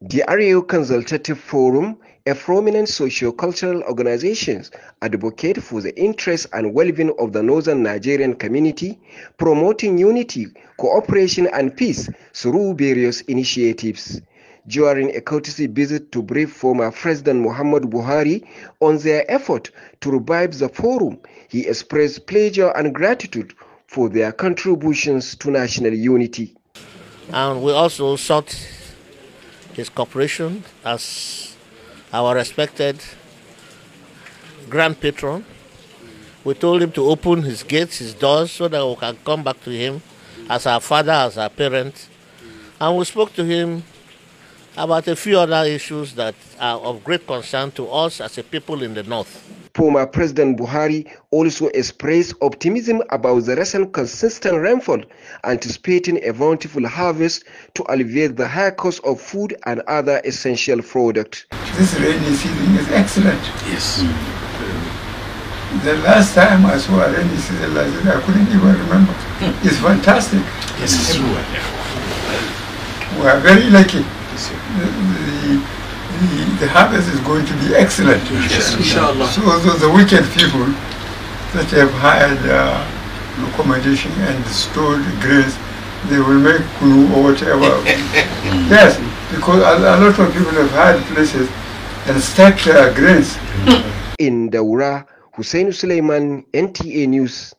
The RAU Consultative Forum, a prominent socio-cultural organization, advocate for the interests and well-being of the northern Nigerian community, promoting unity, cooperation and peace through various initiatives. During a courtesy visit to brief former President Muhammad Buhari on their effort to revive the forum, he expressed pleasure and gratitude for their contributions to national unity. and we also sought his cooperation as our respected grand patron. We told him to open his gates, his doors, so that we can come back to him as our father, as our parent. And we spoke to him about a few other issues that are of great concern to us as a people in the north. Former President Buhari also expressed optimism about the recent consistent rainfall, anticipating a bountiful harvest to alleviate the high cost of food and other essential products. This rainy season is excellent. Yes. The last time I saw a rainy season I couldn't even remember. Mm. It's fantastic. Yes, it's true. We are very lucky. Yes, the, harvest is going to be excellent. Yes, inshallah. So, so the wicked people that have hired uh, accommodation and stored grains, they will make kunu or whatever. yes, because a, a, lot of people have hired places and stacked their grains. In Daura, Hussein Suleiman, NTA News.